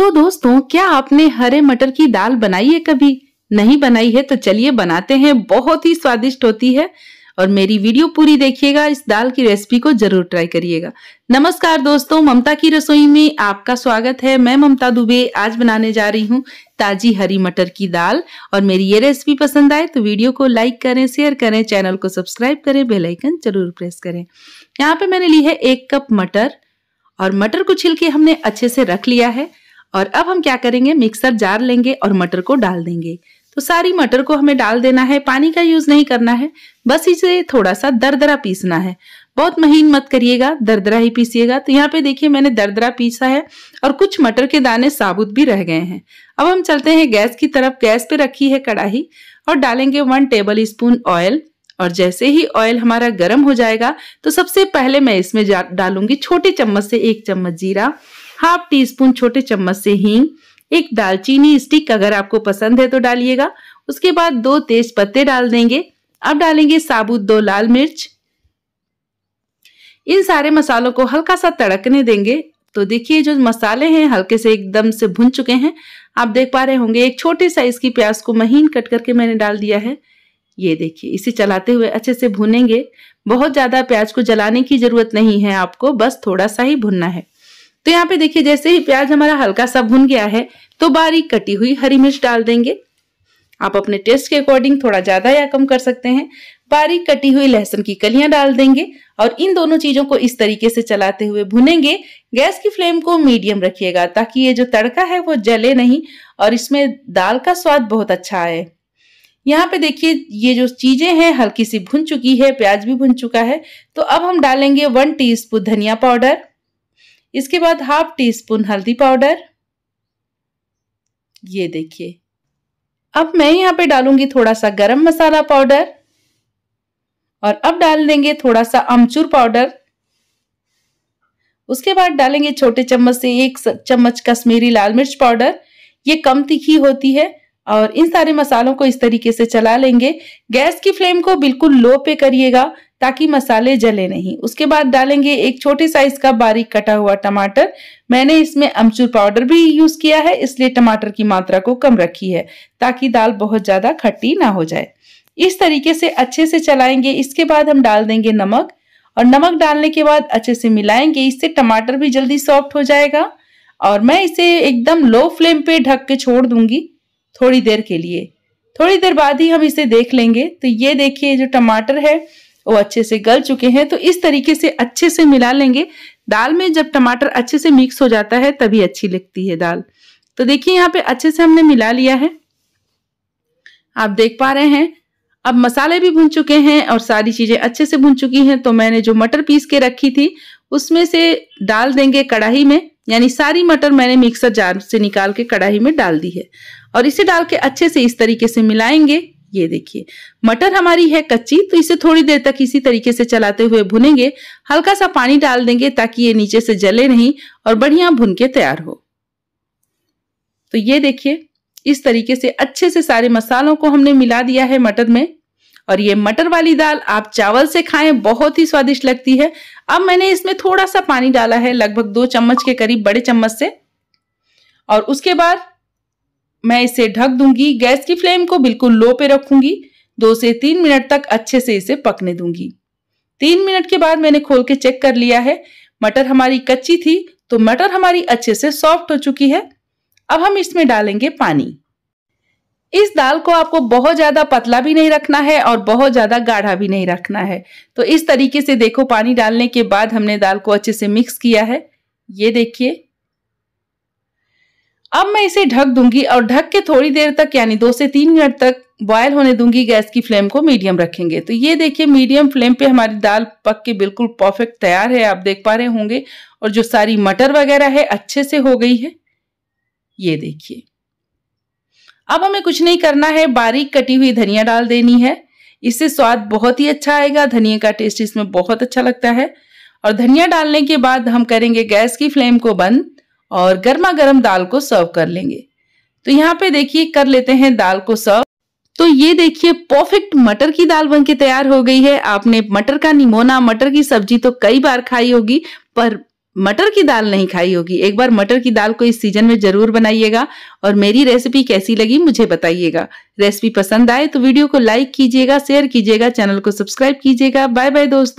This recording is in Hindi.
तो दोस्तों क्या आपने हरे मटर की दाल बनाई है कभी नहीं बनाई है तो चलिए बनाते हैं बहुत ही स्वादिष्ट होती है और मेरी वीडियो पूरी देखिएगा इस दाल की रेसिपी को जरूर ट्राई करिएगा नमस्कार दोस्तों ममता की रसोई में आपका स्वागत है मैं ममता दुबे आज बनाने जा रही हूँ ताजी हरी मटर की दाल और मेरी ये रेसिपी पसंद आए तो वीडियो को लाइक करें शेयर करें चैनल को सब्सक्राइब करें बेलाइकन जरूर प्रेस करें यहाँ पे मैंने ली है एक कप मटर और मटर को छिलके हमने अच्छे से रख लिया है और अब हम क्या करेंगे मिक्सर जार लेंगे और मटर को डाल देंगे तो सारी मटर को हमें डाल देना है पानी का यूज नहीं करना है बस इसे थोड़ा सा दरदरा पीसना है बहुत महीन मत करिएगा दरदरा ही पीसिएगा तो यहाँ पे देखिए मैंने दरदरा पीसा है और कुछ मटर के दाने साबुत भी रह गए हैं अब हम चलते हैं गैस की तरफ गैस पे रखी है कड़ाही और डालेंगे वन टेबल स्पून ऑयल और जैसे ही ऑयल हमारा गर्म हो जाएगा तो सबसे पहले मैं इसमें डालूंगी छोटे चम्मच से एक चम्मच जीरा हाफ टी स्पून छोटे चम्मच से हींग एक दालचीनी स्टिक अगर आपको पसंद है तो डालिएगा उसके बाद दो तेज पत्ते डाल देंगे अब डालेंगे साबुत दो लाल मिर्च इन सारे मसालों को हल्का सा तड़कने देंगे तो देखिए जो मसाले हैं हल्के से एकदम से भुन चुके हैं आप देख पा रहे होंगे एक छोटे साइज की प्याज को महीन कट करके मैंने डाल दिया है ये देखिए इसे चलाते हुए अच्छे से भुनेंगे बहुत ज़्यादा प्याज को जलाने की ज़रूरत नहीं है आपको बस थोड़ा सा ही भुनना है तो यहाँ पे देखिए जैसे ही प्याज हमारा हल्का सा भुन गया है तो बारीक कटी हुई हरी मिर्च डाल देंगे आप अपने टेस्ट के अकॉर्डिंग थोड़ा ज्यादा या कम कर सकते हैं बारीक कटी हुई लहसुन की कलियां डाल देंगे और इन दोनों चीजों को इस तरीके से चलाते हुए भुनेंगे गैस की फ्लेम को मीडियम रखिएगा ताकि ये जो तड़का है वो जले नहीं और इसमें दाल का स्वाद बहुत अच्छा आए यहाँ पे देखिए ये जो चीजें हैं हल्की सी भुन चुकी है प्याज भी भुन चुका है तो अब हम डालेंगे वन टी धनिया पाउडर इसके बाद हाफ टी स्पून हल्दी पाउडर ये देखिए अब मैं यहाँ पे डालूंगी थोड़ा सा गरम मसाला पाउडर और अब डाल देंगे थोड़ा सा अमचूर पाउडर उसके बाद डालेंगे छोटे चम्मच से एक चम्मच कश्मीरी लाल मिर्च पाउडर ये कम तीखी होती है और इन सारे मसालों को इस तरीके से चला लेंगे गैस की फ्लेम को बिल्कुल लो पे करिएगा ताकि मसाले जले नहीं उसके बाद डालेंगे एक छोटे साइज का बारीक कटा हुआ टमाटर मैंने इसमें अमचूर पाउडर भी यूज किया है इसलिए टमाटर की मात्रा को कम रखी है ताकि दाल बहुत ज्यादा खट्टी ना हो जाए इस तरीके से अच्छे से चलाएंगे इसके बाद हम डाल देंगे नमक और नमक डालने के बाद अच्छे से मिलाएंगे इससे टमाटर भी जल्दी सॉफ्ट हो जाएगा और मैं इसे एकदम लो फ्लेम पे ढक के छोड़ दूंगी थोड़ी देर के लिए थोड़ी देर बाद ही हम इसे देख लेंगे तो ये देखिए जो टमाटर है वो अच्छे से गल चुके हैं तो इस तरीके से अच्छे से मिला लेंगे दाल में जब टमाटर अच्छे से मिक्स हो जाता है तभी अच्छी लगती है दाल तो देखिए यहाँ पे अच्छे से हमने मिला लिया है आप देख पा रहे हैं अब मसाले भी भून चुके हैं और सारी चीज़ें अच्छे से भून चुकी हैं तो मैंने जो मटर पीस के रखी थी उसमें से डाल देंगे कढ़ाई में यानी सारी मटर मैंने मिक्सर जार से निकाल के कढ़ाई में डाल दी है और इसे डाल के अच्छे से इस तरीके से मिलाएंगे ये देखिए मटर हमारी है कच्ची तो इसे थोड़ी देर तक इसी तरीके से चलाते हुए भुनेंगे हल्का सा पानी डाल देंगे ताकि ये नीचे से जले नहीं और बढ़िया भुन के तैयार हो तो ये देखिए इस तरीके से अच्छे से सारे मसालों को हमने मिला दिया है मटर में और ये मटर वाली दाल आप चावल से खाएं बहुत ही स्वादिष्ट लगती है अब मैंने इसमें थोड़ा सा पानी डाला है लगभग दो चम्मच के करीब बड़े चम्मच से और उसके बाद मैं इसे ढक दूंगी गैस की फ्लेम को बिल्कुल लो पे रखूंगी दो से तीन मिनट तक अच्छे से इसे पकने दूंगी तीन मिनट के बाद मैंने खोल के चेक कर लिया है मटर हमारी कच्ची थी तो मटर हमारी अच्छे से सॉफ्ट हो चुकी है अब हम इसमें डालेंगे पानी इस दाल को आपको बहुत ज़्यादा पतला भी नहीं रखना है और बहुत ज़्यादा गाढ़ा भी नहीं रखना है तो इस तरीके से देखो पानी डालने के बाद हमने दाल को अच्छे से मिक्स किया है ये देखिए अब मैं इसे ढक दूंगी और ढक के थोड़ी देर तक यानी दो से तीन मिनट तक बॉयल होने दूंगी गैस की फ्लेम को मीडियम रखेंगे तो ये देखिए मीडियम फ्लेम पे हमारी दाल पक के बिल्कुल परफेक्ट तैयार है आप देख पा रहे होंगे और जो सारी मटर वगैरह है अच्छे से हो गई है ये देखिए अब हमें कुछ नहीं करना है बारीक कटी हुई धनिया डाल देनी है इससे स्वाद बहुत ही अच्छा आएगा धनिया का टेस्ट इसमें बहुत अच्छा लगता है और धनिया डालने के बाद हम करेंगे गैस की फ्लेम को बंद और गर्मा गर्म दाल को सर्व कर लेंगे तो यहाँ पे देखिए कर लेते हैं दाल को सर्व तो ये देखिए परफेक्ट मटर की दाल बनके तैयार हो गई है आपने मटर का निमोना मटर की सब्जी तो कई बार खाई होगी पर मटर की दाल नहीं खाई होगी एक बार मटर की दाल को इस सीजन में जरूर बनाइएगा और मेरी रेसिपी कैसी लगी मुझे बताइएगा रेसिपी पसंद आए तो वीडियो को लाइक कीजिएगा शेयर कीजिएगा चैनल को सब्सक्राइब कीजिएगा बाय बाय दोस्तों